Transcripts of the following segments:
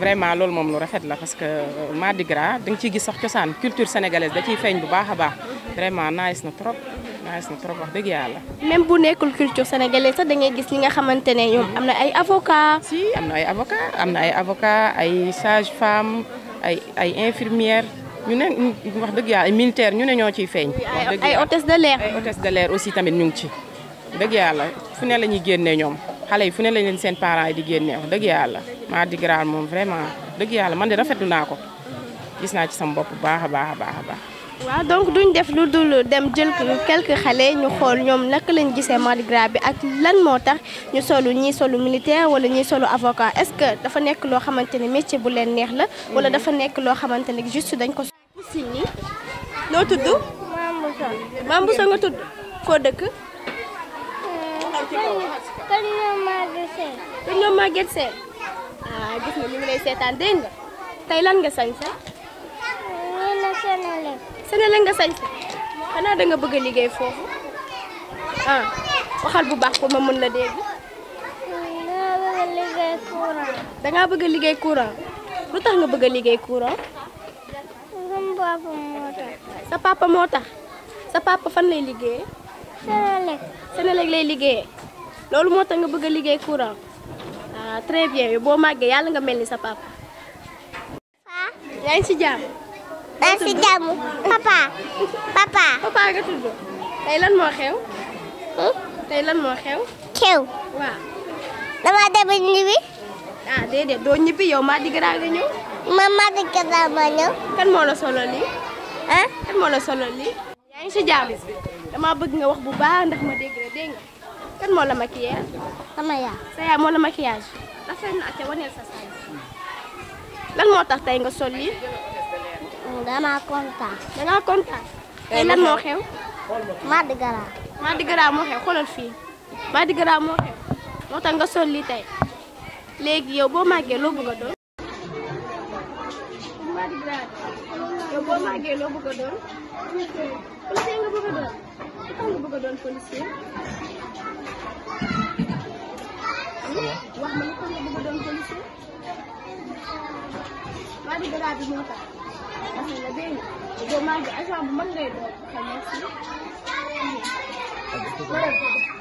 vraiment lool mom lu rafet la parce que Mardi Gras da nga ciy gis sax ciosan culture sénégalaise da ciy feeñ bu baax baax vraiment nice na trop nice na trop wax deug yàlla. même bu nekul culture sénégalaise sax da ngay gis li nga xamantene ñom amna ay avocat si amna ay avocat amna ay avocat ay sage femme ay ay infirmière ñu ne wax deug yàlla ay militaire ñu ne ñoo ciy feeñ. ay hôtesse de l'air ay hôtesse de l'air aussi tamit ñu ngi ci. deug yàlla fu ne lañuy génné ñom xale yi fu ne lañ leen seen parents yi di génné wax deug yàlla. maa di giraal moom vraiment deug yalla man de rafetou nako gis na ci sama bop baax a baax a baax a donc duñ def luddul dem jël quelques xalé ñu xol ñom nak lañ gisee Mardi Gras bi ak lan motax ñu solo ñi solo militaire wala ñi solo avocat est-ce que dafa nek lo xamanteni métier bu leen neex la. wala dafa nek lo xamanteni juste dañ ko. si ni noo tudd. Maam sa Maam Boussa nga tudd. ko dëkk. kañ la Maguette Sène. kañ la gis ah, na ñu ngi lay seetaan dégg nga tey lan nga sañ sa ñu la senale senale nga sañ sa da nga bëgg liggéey ah waxal bu baax ko ma mën la dégg da nga bëgg a liggéey courant lu tax nga bëgg liggéey courant papa sa papa moo tax sa papa fan lay liggéeyee Senelec Senelec lay liggéeyee loolu moo tax nga bëgg liggéey courant très bien bo magge yalla nga melni sa papa. papa yaa ci si jamu. ci jam si jamu. papa papa. papa nga tudd tay lan mo xew. Hmm? tay lan mo xew. xew. wa dama dem ñibbi. ah déedéet do ñibi yow ma di gra nga ñu ma ma di gëraa ma ñu kan mo la solo li. hein kan mo la solo li. yaa ci si dama bëgg nga wax bu baax ndax ma dégg la dégg kan moo la maquillage sama ya? saya mau moo maquillage rafet na ate waneel sa sañ lan moo tax nga sol lii dama kontaan da nga kontaan lan moo xew Madi Gara Madi Gara moo xew xoolal fii Madi Gara moo xew moo nga sol lii tey léegi yow boo màggee loo bëgg a yow bëgg nga bëgg nga bëgg wax ma ko ne bëgg doon policier waa di dara bi ñoo tax wax la dégg doo maa ngi agent bu mag ngay doon xam nga si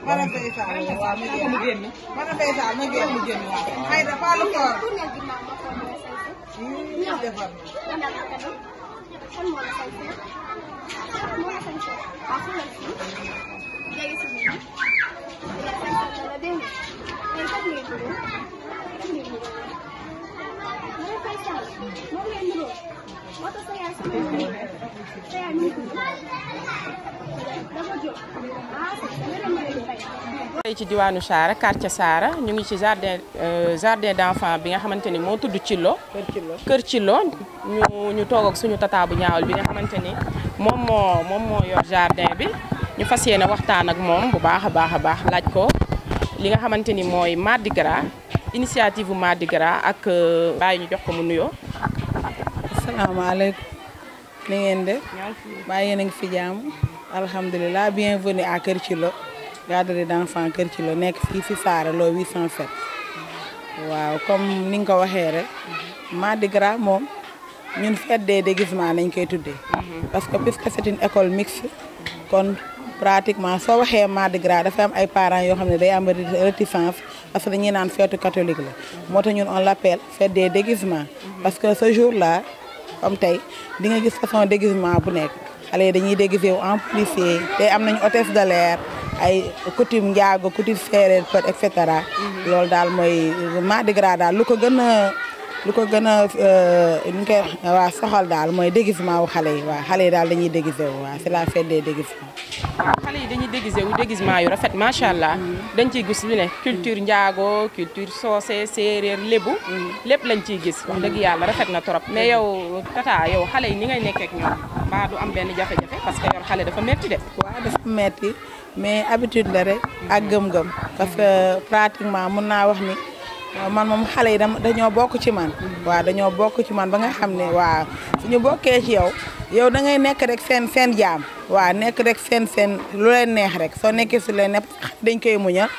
wala Faye Sall waaw ma génn mu génn wala Faye Sall ma génn mu génn waaw xëy na faalu koor ñëw defar kan moo la sañ moo la sañ waaw xoolal fii jege si ñu tey ci diwaanu Saara quartier Saara ñu ngi ci jardin euh, jardin d'enfants bi nga xamante ni moo tudd Cillo Kër Cillo ñu ñu suñu tata bu ñaawal bi nga xamante ni moom moo moom moo yor jardin bi ñu fas yéene waxtaan ak moom bu baax a baax a baax laaj ko li nga xamante ni mooy Mardi Gras initiative bu Mardi Gras ak euh, bàyyi ñu jox ko mu nuyoo. asalaamaaleykum ni ngeen de bàyyi yéen a ngi fi jàmm alhamdulilah bienvenue à Kër Thilo garderie d'enfants Kër Thilo nekk fii fi Saare Lo 807 waaw comme ni nga ko waxee rek Mardi Gras moom ñun fête des déguisements nañ koy tuddee mm-hmm. parce que puisque c'est une école mixte kon pratiquement soo waxee Mardi Gras dafay am ay parents yoo xam ne day am réticence parce que dañuy naan feetu catholique la. moo tax ñun on l'appelle fête des déguisements. parce que ce jour là comme tey di nga gis façon déguisement bu nekk xale dañuy déguisé wu en policier tey am nañu hôtesse de l'air ay coutume njaago coutume séeréer pët et cetera. Mhm. loolu daal mooy Mardi Gras daal lu ko gën lu ko gën euh, koy waa soxal daal mooy déguisement wu xale yi waaw xale yi daal dañuy déguisé wu waaw la fête des déguisements. Ah, xale yi dañuy déguisé wu déguisement yu rafet macha allah. Mm-hmm. dañ ciy gis lu ne culture njaago culture soose séeréer lébu. Mm-hmm. lépp lañ ciy gis. wax dëgg yàlla rafet na trop mais yow tata yow xale yi ni ngay nekkee ak ñoom am benn jafe-jafe parce que yor xale dafa metti de. waaw dafa metti mais habitude la rek. ak gëm-gëm. parce que pratiquement mun naa wax ni. waaw man moom xale yi dañoo bokk ci man waaw dañoo bokk ci man ba nga xam ne waaw suñu bokkee ci yow yow da ngay nekk rek seen seen jaam waa nekk rek seen seen lu leen neex rek soo nekkee su leen nepp dañ koy muñal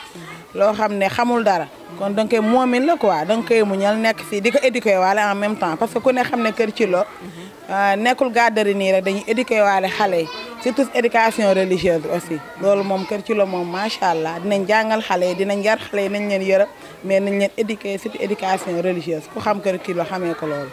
loo xam ne xamul dara kon da nga koy moomin la quoi da nga koy muñal nekk si di ko éduqué waale en même temps parce que ku ne xam ne kër ci lo mhm. ah, nekkul gàddari nii rek dañuy éduqué waale xale yi surtout éducation religieuse aussi loolu moom Kër Thilo moom macha allah dinañ jàngal xale yi dinañ yar xale yi nañ leen yërëm mais nañ leen éduquer éducation religieuse ku xam Kër Thilo xamee ko loolu.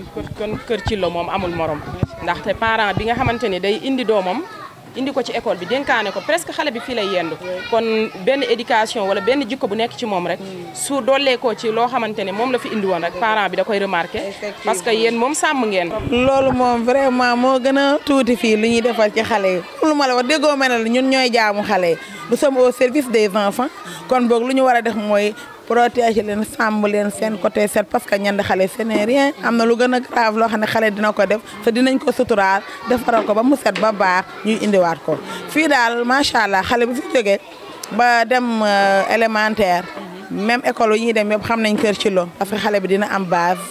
kon kon kër ci la moom amul moroom ndaxte parent bi nga xamante ni day indi doomam indi ko ci école bi dénkaane ko presque xale bi fii lay yendu kon benn éducation wala benn jikko bu nekk ci moom rek su doolee ko ci loo xamante ne moom la fi indi woon rek parent bi da koy remarqué parce que yéen moom sàmm ngeen loolu moom vraiment moo gën a tuuti fii li ñuy defal ci xale yi lu ma la wax déggoo mel ne ñun ñooy jaamu xale yi nous sommes au service de enfants kon boog lu ñu war a def mooy protéger leen sàmm leen seen côté set parce que ñenn xale ce am na lu gën a grave loo xam ne xale dina ko def te dinañ ko suturaal defaral ko ba mu set ba baax ñu indiwaat ko fii daal macha allah xale bi fu jógee ba dem euh, élémentaire même école yi dem yëpp xam nañ kër ci lo parce que xale bi dina am base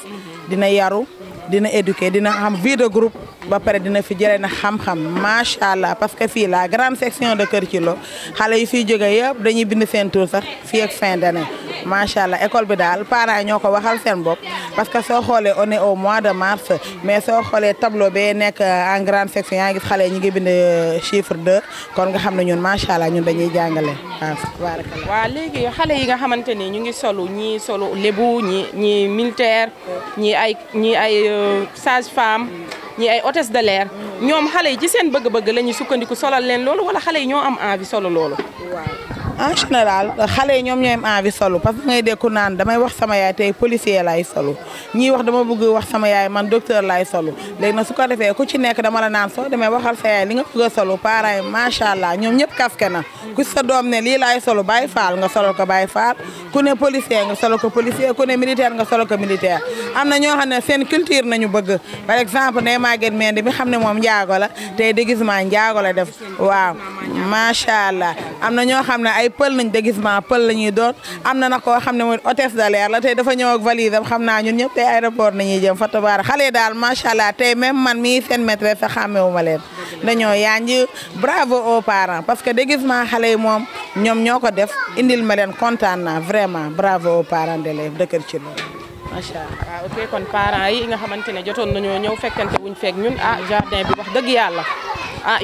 dina yaru dina éduquer dina am vie groupe ba pare dina fi jëlee na xam-xam macha allah parce que fii la grande section de kër ci lo xale yi fiy jógee yëpp dañuy bind seen sax fii ak fin macha allah école bi daal parent yi ñoo ko waxal seen bop parce que soo xoolee on est au mois de mars mais soo xoolee tableau bee nekk euh, en grande section yaa ngi xale ñu ngi bind euh, chiffre de kon nga xam ne ñun macha allah ñun dañuy jàngale waaw. waa léegi xale yi nga xamante ni ñu ngi solu ñii solu lébu ñi ñii militaire ñii ay ñii ay euh, sage-femme ñii ay hôtesse de l'air ñoom xale yi ci seen bëgg-bëgg la ñuy sukkandiku solal leen loolu wala xale yi ñoo am envie solo loolu. waaw en général xale yi ñoom ñooy am envie solo parce que ngay dékku naan damay wax sama yaay tey policier laay solo ñii wax dama bëgg wax sama yaay man docteur laay solo léegi na su ko defee ku ci nekk dama la naan soo demee waxal sa yaay li nga bëgg a solo parents yi macha allah ñoom ñëpp kaske na ku sa doom ne lii laay solo bàyyi faal nga solo ko bàyyi faal ku ne policier nga solo ko policier ku ne militaire nga solo ko militaire am na ñoo xam ne seen culture nañu bëgg par exemple ne Maguette Mende mi xam ne moom njaago la tey déguisement njaago la def waaw macha allah am na ñoo xam ne ay pël nañ déguisement pël la ñuy doon am na nag koo xam ne mooy hôtesse de l'air la tey dafa ñëw ak valise am xam naa ñun ñëpp tey aéroport nañuy jëm fa tabaar xale daal macha allah tey même man mii seen maîtresse xàmmewu ma leen dañoo yaañ bravo aux parents parce que déguisement xale yi moom ñoom ñoo ko def indil ma leen kontaan na vraiment bravo aux parents d'élèves dëkkër ci loolu macha allah waaw ah, ok kon parents yi nga xamante ne jotoon nañoo ñëw fekkante wuñ fekk ñun ah jardin bi dëgg yàlla ah,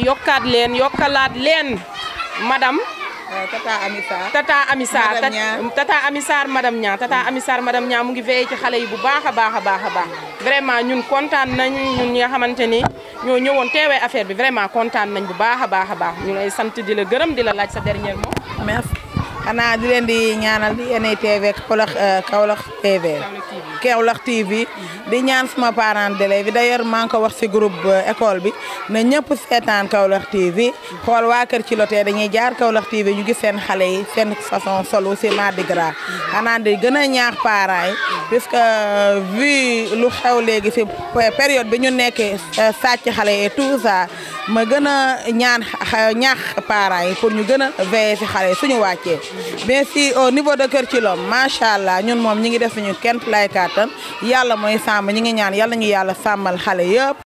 madame. Euh, Tata Ami Sarr Tata Ami Sarr Tata Ami Sarr madame Niang Tata Ami Sarr madame ñaa mu ngi veillé ci xale yi bu baax a baax a baax a baax vraiment ñun kontaan nañ ñun ñi nga xamante ni ñoo ñëwoon teewee affaire bi vraiment kontaan nañ bu baax a baax a baax ñu lay sant di la gërëm di la laaj sa dernier mot. merci xanaa di leen di ñaanal di NITV e Kaolack Kaolack euh, TV. Kewlax TV di ñaan suma parents d'élèves bi d'ailleurs maa ngi ko wax si group euh, école bi na ñëpp seetaan Kewlax TV xool waa ci Thilotène dañuy jaar Kewlax TV ñu gis seen xale yi seen façon solo si Mardi digra xanaa di gën a ñaax parents yi puisque euh, vu lu xew léegi si période bi ñu nekkee euh, sàcc xale yi tout ça ma gën a ñaan ñaax parents yi pour ñu gën a veiller si xale yi suñu wàccee mais si au niveau de Kër Cilom macha allah ñun moom ñi ngi def suñu kenn lay kàttan yàlla mooy sàmm ñi ngi ñaan yàlla ñu yàlla sàmmal xale yëpp